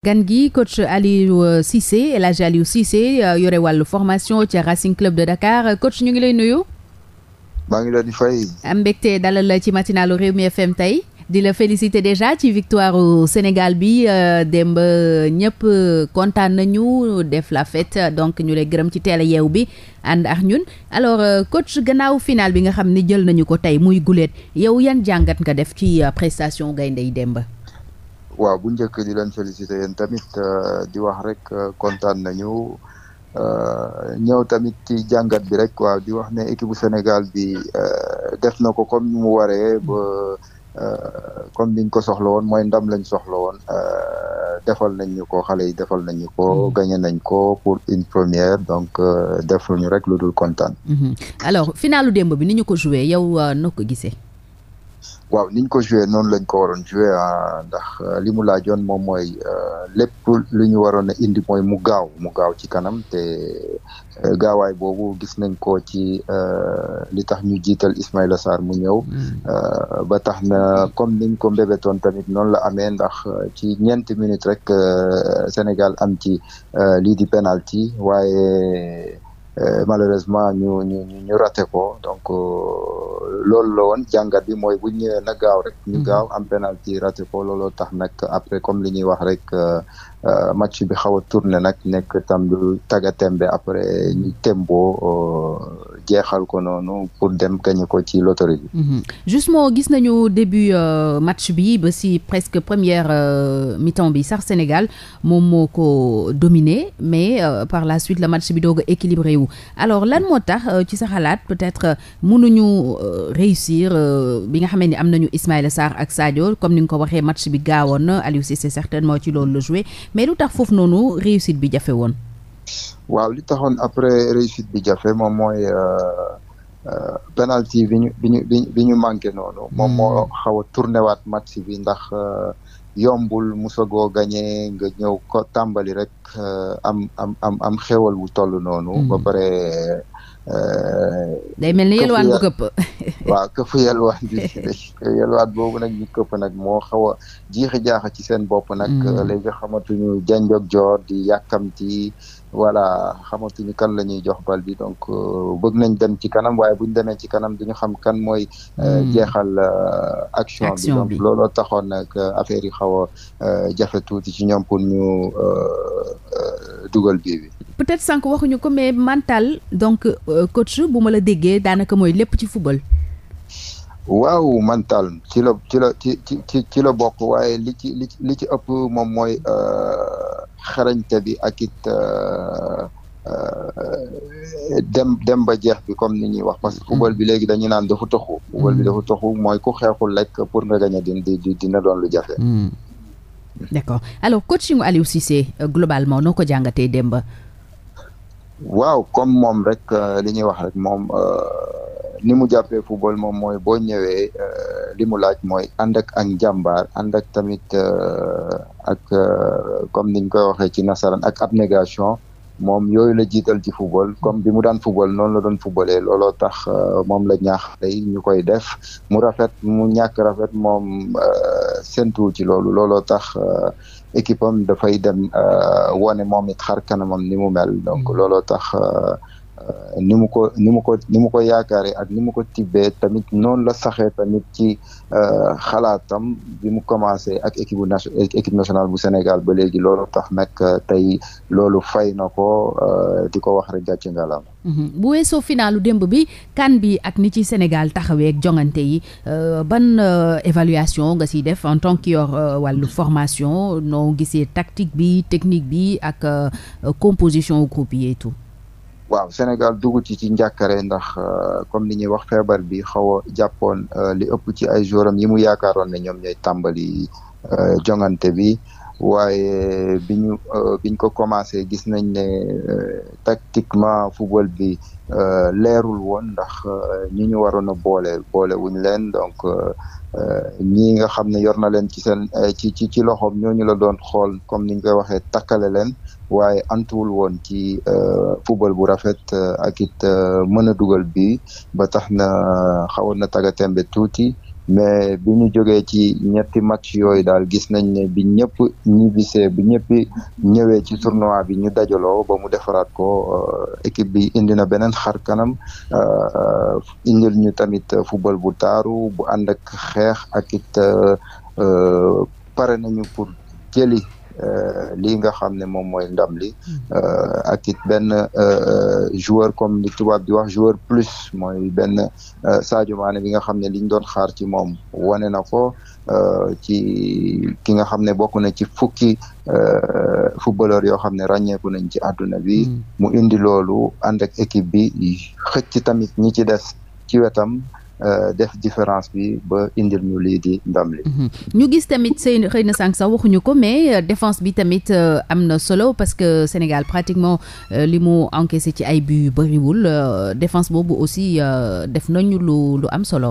gan gi coach Aliou euh, Cissé El Hadj Aliou Cissé euh, yore wàllu formation ci Racing Club de Dakar coach ñu ngi lay nuyu. maa ngi leen di fay. am mbégte dalal ci matinalu Rewmi FM tey di la féliciter déjà ci victoire Sénégal bi euh, démb ñëpp kontaan nañu def la fête donc ñu lay gërëm ci teel a yeew bi ànd ak ñun alors coach gannaaw final bi nga xam ni jël nañu ko tey muy guléet yow yan jàngat nga def ci prestation gaynde yi démb. waaw bu njëkk di leen féliciter yéen tamit euh, di wax rek euh, kontaan nañu euh, ñëw tamit ci jàngat bi rek waaw di wax ne équipe bu Sénégal bi def na ko comme mu waree ba comme niñ ko soxla woon mooy ndam lañ soxla woon defal nañ ñu ko xale yi defal nañ ko mm-hmm. gagné nañ ko pour une première donc defal ñu rek lu dul kontaan. Mm-hmm. alors finalu démb bi ni ñu ko joué yow noo ko gisee. waaw niñ ko joué noonu lañ ko waroon joué ah, ndax ah, li mu laajoon moom mooy ah, lépp lu ñu waroon a indi mooy mu gaaw mu gaaw ci kanam te eh, gaawaay boobu gis nañ ko ci eh, li tax ñu jiital Ismaïla Sarr mu ñëw mm. eh, ba tax na niñ ko mbébétoon tamit noonu la amee ndax ci ñeenti minutes rek Sénégal am ci lii di penalty waaye Euh, malheureusement ñu ñu ñu ko donc euh, loolu la woon jàngat bi mooy bu ñu ñëwee na gaaw rek. ñu mhm. gaaw am penalty raté ko tax nag après comme li ñuy wax rek euh, match bi xaw a tourné nag nekk tam lu tagga tembe après ñu tembo jeexal ko noonu pour dem gagné ko ci loterie bi. Mhm. justement gis nañu début match bi ba si presque première mi-temps bi sax Sénégal moom moo ko dominé mais par la suite la match bi doog a alors lan moo tax euh, ci sa xalaat peut-être euh, mënuñu euh, réussir bi nga xam ni am nañu Ismaïla Sarr ak Sadio comme ni nga ko waxee match bi gaawoon na Aliou Cissé certainement ci loolu la joué mais lu tax foofu noonu réussite bi jafe woon. waaw li taxoon après réussite bi jafe moom mooy. Euh, penalty bi ñu bi ñu bi manqué noonu. moom hmm. moo xaw a tourné waat match bi ndax euh, yombul musagoo gagné nga ñëw ko tàmbali rek euh, am am am am xéwal wu toll noonu. Hmm. ba pare Euh, day mel ni yelwaan bu këpp waaw yelwaan boobu nag ñu këpp nag moo xaw a jiixi jaaxa ci seen bopp nag mm. euh, léegi xamatuñu janjog joor di yàkkamti wala xamatuñu kan la ñuy jox bal bi donc euh, bëgg nañ dem ci kanam waaye buñ demee ci kanam duñu xam kan mooy mm. jeexal action bi donc looloo taxoon nag affaire yi xaw a jafe tuuti ci ñoom pour ñu dugal bii bi peut-être sànq waxuñu ko mais mental donc euh, coach bu ma la déggee daanaka mooy lépp ci football. waaw mental ci la ci la ci ci ci la bokk waaye li ci li ci li ci ëpp moom mooy euh, xarañte bi ak it euh, dem dem ba jeex bi comme ni ñuy wax parce que football bi léegi dañuy naan dafa taxu football bi mm. dafa taxu mooy ku xeexul lekk pour nga gañe di di dina doon lu jafe. Mm. d'accord alors coaching Aliou Cissé globalement noo ko jàngatee Demba. waaw comme moom rek euh, li ñuy wax rek moom euh, ni mu jàppee football moom mooy boo ñëwee euh, li mu laaj mooy ànd ak ak njàmbaar ànd ak tamit ak comme niñ koy waxee ci nasaraan ak abnégation moom yooyu la jiital ci football comme bi mu daan football noonu la doon footballee looloo tax moom la ñax tey ñu koy def mu rafet mu ñàkk rafet moom séntu ci loolu looloo tax euh, équipe am dafay dem euh, wane moom it xar kanamam ni mu mel donc mm. looloo tax euh, Euh, ni mu ko ni mu ko ni mu ko yaakaaree ak ni mu ko tibbee tamit noonu la saxee tamit ci euh, xalaatam bi mu commencé ak équipe nation équipe nationale bu Sénégal ba léegi loolu tax nag euh, tey loolu fay na ko di ko wax rek gàcce ngalam. Mhm. bu weesoo finalu démb bi kan bi ak ni ci Sénégal taxawee ak jongante yi ban évaluation nga siy def en tant que yor wàllu formation noo gisee tactique bi technique bi ak composition groupe yi tout. waaw Sénégal dugg ci ci njàkkare ndax euh, comme ni ñuy wax feebar bi xaw a jàppoon euh, li ëpp ci ay jouram yi mu yaakaaroon ne ñoom ñooy tàmbali euh, jongante bi waaye bi ñu biñ ko commencé gis nañ ne tactiquement football bi leerul woon ndax ñi ñu waroon a boole leen donc Euh, ñii nga xam ne yor na leen ci seen euh, ci ci ci loxoom ñooñu la doon xool comme ni ñu koy waxee takkale leen waaye antuwul woon ci euh, football bu rafet ak it mën a dugal bi ba tax na xawoon na taga tembe tuuti mais bi ñu jógee ci ñetti match yooyu daal gis nañ ne bi ñëpp ñibbisee bi ñëpp ñëwee ci tournoi bi ñu dajaloo ba mu defaraat ko euh, équipe bi indi na beneen xar kanam euh, indil ñu tamit football bu taaru bu ànd ak xeex ak it euh, pare nañu pour jëli Euh, lii nga xam ne moom mooy ndam li hmm. euh, ak benn euh, joueur comme li tubaab di wax joueur plus mooy benn Sadio Mané bi nga xam ne liñ doon xaar ci moom wane na ko ci ki nga xam ne bokk na ci fukki footballeur yoo xam ne ràññeeku nañ ci àdduna bi hmm. mu indi loolu ànd ak bi xëcc tamit ñi ci des ci wetam Euh, def différence bi ba indil ñu lii di ndam li mhm. ñu gis tamit seen xëy na sànq sax waxuñu ko mais euh, défence bi tamit euh, am na solo parce que Sénégal pratiquement li mu encaissé ci ay bi yu bëriwul défense boobu aussi def nañu lu lu am solo.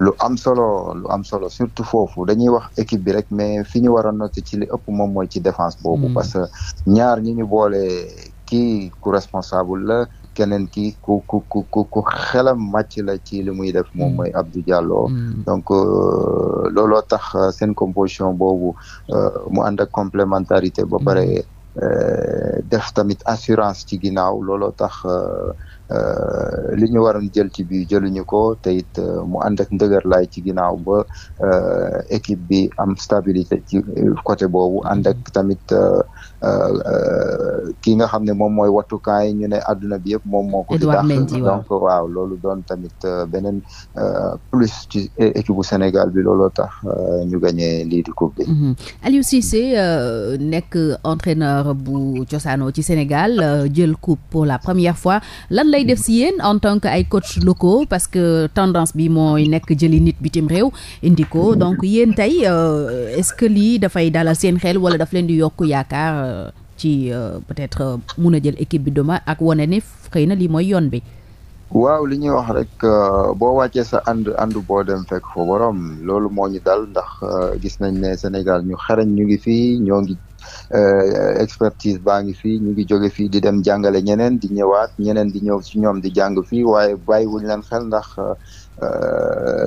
lu am solo lu am solo surtout foofu dañuy wax équipe bi rek mais fi ñu war a ci li ëpp moom mooy ci défense boobu. Mhm. parce que ñaar ñi ñu boole kii ku responsable la. keneen ki ku ku xelam màcc la ci li muy def moom mm. mooy Abdou Diallo. Mm. donc euh, looloo tax euh, seen composition boobu euh, mu ànd ak complémentarité ba mm. pare def tamit assurance ci ginnaaw looloo tax li ñu waroon jël ci biir jëluñu ko te it mu ànd ak ndëgër ci ginnaaw ba équipe bi am stabilité ci côté boobu ànd tamit. Euh, ki nga xam ne moom mooy wattukaay ñu ne àdduna bi yëpp moom moo ko di dàq donc waaw loolu doon tamit euh, beneen euh, plus ci équipe bu Sénégal bi looloo tax ñu gagné lii di coupe bi mm-hmm. Aliou Cissé nekk entraîneur bu cosaanoo ci Sénégal jël coupe pour la première fois lan lay def si yéen en tant que ay coach locaux parce que tendance bi mooy nekk jëli nit bitim réew indi ko donc yéen tey est-ce que lii dafay dalal seen xel wala daf leen di yokk yaakaar ci euh, peut-être euh, mun a jël équipe bi demain ak wane ni xëy na lii mooy yoon bi. waaw li ñuy wax rek euh, boo wàccee sa ànd ànd boo dem fekk fo borom loolu moo ñu dal ndax gis nañ ne Sénégal ñu xarañ ñu ngi fii ñoo ngi Euh, expertise baa ngi fii ñu ngi jóge fii di dem jàngale ñeneen di ñëwaat ñeneen di ñëw ci ñoom di jàng fii waaye bàyyiwuñ leen xel ndax euh,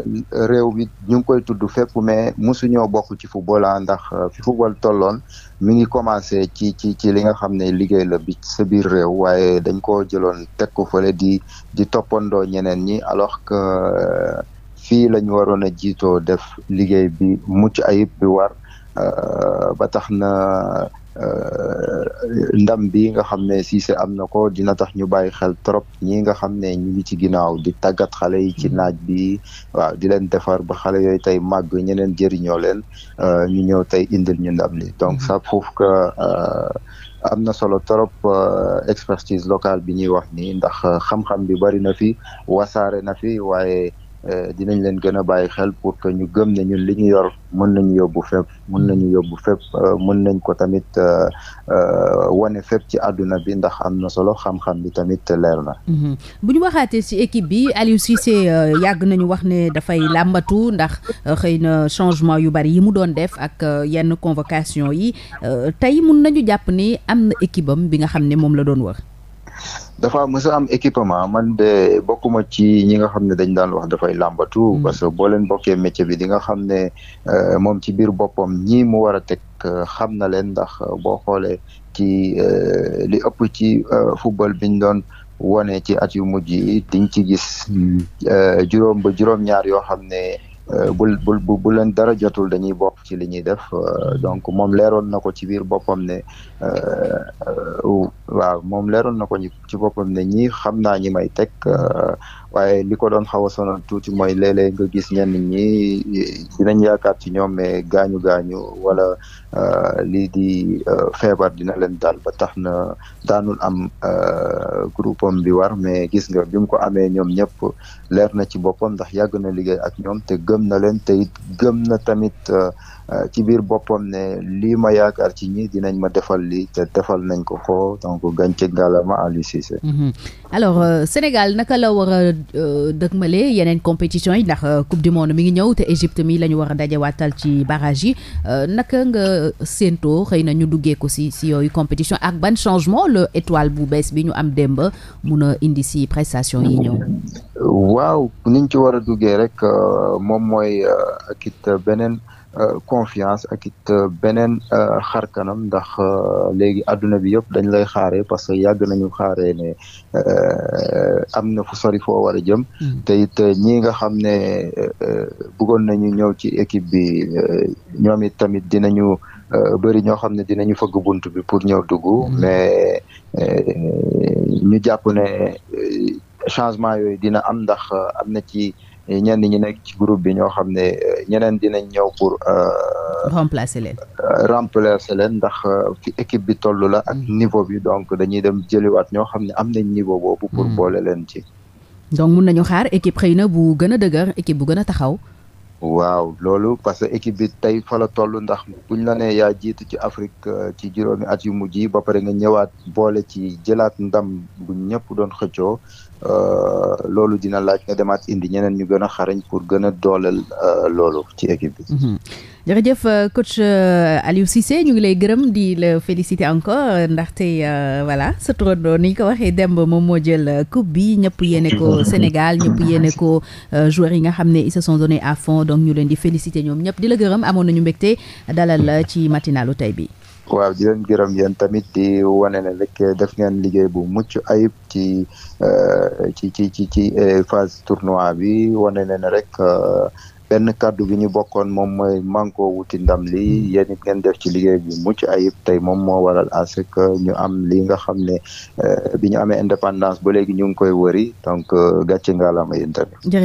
réew mi ñu ngi koy tudd fépp mais mosuñoo bokk ci football ah ndax euh, fi football tolloon mi ngi commencé ci ci ci li nga xam ne liggéey la bi sa biir réew waaye dañ ko jëloon teg ko fële di di toppandoo ñeneen ñi alors que fii lañu ñu waroon a jiitoo def liggéey bi mucc ayib bi war Euh, ba tax na euh, ndam bi nga xam ne si Cissé am na ko dina tax ñu bàyyi xel trop ñi nga xam ne ñu ngi ci ginnaaw di tàggat xale yi ci naaj bi waaw di leen defar ba xale yooyu tey màgg ñeneen jëriñoo leen euh, ñu ñëw tey indil ñu ndam li donc ça prouve que am na solo trop expertise locale bi ñuy wax ni ndax xam-xam bi bari na fi wasaare na fi waaye. Euh, dinañ leen gën a bàyyi xel pour que ñu gëm ne ñun li ñu yor mën nañu yóbbu fépp mën hmm. nañu yóbbu fépp euh, mën nañ ko tamit euh, wane fépp ci àdduna bi ndax am na solo xam-xam bi tamit leer na. Hmm. bu ñu waxaatee ci équipe bi Aliou Cissé yàgg nañu wax ne dafay làmbatu ndax xëy na changement yu bari yi mu doon def ak yenn convocation yi tey mun nañu jàpp ni am na équipe bi nga xam ne moom la doon war dafa mës am équipement man de bokkuma ci ñi nga xam ne dañ daan wax dafay làmbatu. Hmm. parce que boo leen bokkee métier bi di nga xam ne euh, moom ci biir boppam ñii mu war a teg euh, xam na leen ndax euh, boo xoolee ci li ëpp ci football biñ doon. wone ci at yu mujj diñ ci gis hmm. juróom ba juróom-ñaar yoo xam ne bul dara jotul dañuy bokk ci li ñuy def hmm. donc moom leeroon na ko ci biir boppam ne Euh, euh, waaw moom leeroon na ko ci boppam ne ñi xam naa ñi may teg euh, waaye li ko doon xaw a sonal tuuti mooy léeg-léeg nga gis ñenn ñi dinañ yaakaar ci ñoom mais gaañu gaañu wala lii di feebar dina leen daal ba tax na daanul am groupam bi war mais gis nga bim ko amee ñoom ñëpp leer na ci boppam ndax yàgg na liggéey ak ñoom te gëm na leen te it gëm na tamit ci biir boppam ne lii ma ci ñi dinañ ma defal lii te defal nañ ko ko donc gàncax gàllama Aliou Cissé. Mhm. alors euh, Sénégal naka la war a euh, dëgmale yeneen compétition yi ndax euh, coupe du monde mi ngi ñëw te Égypte mi la ñu war a dajewaatal ci barrage yi euh, naka nga séentoo xëy na ñu duggee ko si si yooyu compétition ak ban changement le étoile bu bees bi ñu am démb mun indi si prestation yi ñëw. waaw niñ ci war duggee rek moom mooy ak beneen. Euh, confiance ak it euh, beneen euh, xar kanam ndax léegi àdduna bi yëpp dañ lay xaaree parce que yàgg nañu xaaree ne am na fu sori foo war jëm. Mm. te ñii nga xam ne bëggoon nañu ñëw ci équipe bi ñoom it tamit dinañu bëri ñoo xam ne dinañu fëgg bunt bi pour ñëw dugg. Mm. mais ñu jàpp ne changement yooyu dina am ndax am na ci. ñenn ñi nekk ci groupe bi ñoo xam ne euh, ñeneen dinañ ñëw pour. Euh, remplacer leen. Euh, remplacer leen ndax fi équipe bi toll la ak mm. niveau bi donc dañuy dem jëliwaat ñoo xam ne am nañ niveau boobu. pour mm. boole leen ci. donc mun nañu xaar équipe xëy na bu gën a dëgër équipe bu gën a taxaw. waaw loolu parce que équipe bi tey fa la toll ndax buñ la nee yaa jiitu ci Afrique ci juróomi at yu mujj yi ba pare nga ñëwaat boole ci jëlaat ndam bu ñëpp doon xëccoo Euh, loolu dina laaj nga demaat indi ñeneen ñu gën a xarañ pour gën a dooleel euh, loolu ci équipe bi. Mhm. jërëjëf euh, coach Aliou Cissé ñu ngi lay gërëm di la féliciter encore ndaxte voilà sa turandoo ni ñu ko waxee demb moom moo jël coupe bi ñëpp yéene ko Sénégal ñëpp yéene ko joueurs yi nga xam ne ils se sont donnés à fond donc ñu leen di féliciter ñoom ñëpp di la gërëm amoon nañu mbégte dalal ci matinalu tey bi. waaw di leen gërëm yéen tamit di wane ne rek def ngeen liggéey bu mucc ayib ci euh, ci ci ci ci euh, phase tournoi bi wane ne ne rek euh, benn kàddu gi ñu bokkoon moom mooy mànkoo wuti ndam li hmm. yéen it ngeen def ci liggéey bu mucc ayib tey moom moo waral à ce que ñu am li nga xam ne bi ñu amee indépendance ba léegi ñu ngi koy wëri donc gàcce ngaalama yéen tamit.